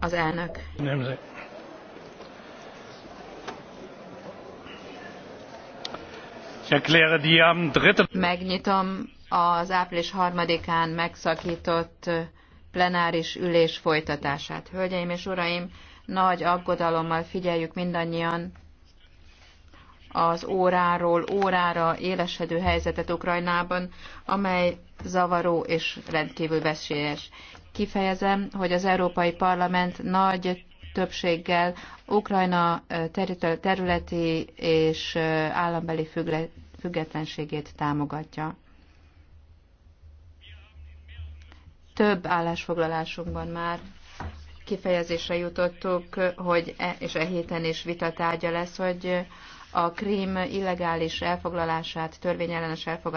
Az elnök. Nemzet. Megnyitom az április harmadikán megszakított plenáris ülés folytatását. Hölgyeim és uraim, nagy aggodalommal figyeljük mindannyian az óráról órára élesedő helyzetet Ukrajnában, amely zavaró és rendkívül veszélyes. Kifejezem, hogy az Európai Parlament nagy többséggel Ukrajna területi és állambeli függetlenségét támogatja. Több állásfoglalásunkban már kifejezésre jutottuk, hogy e, és e héten is vita tárgya lesz, hogy a krím illegális elfoglalását, törvényellenes elfoglalását,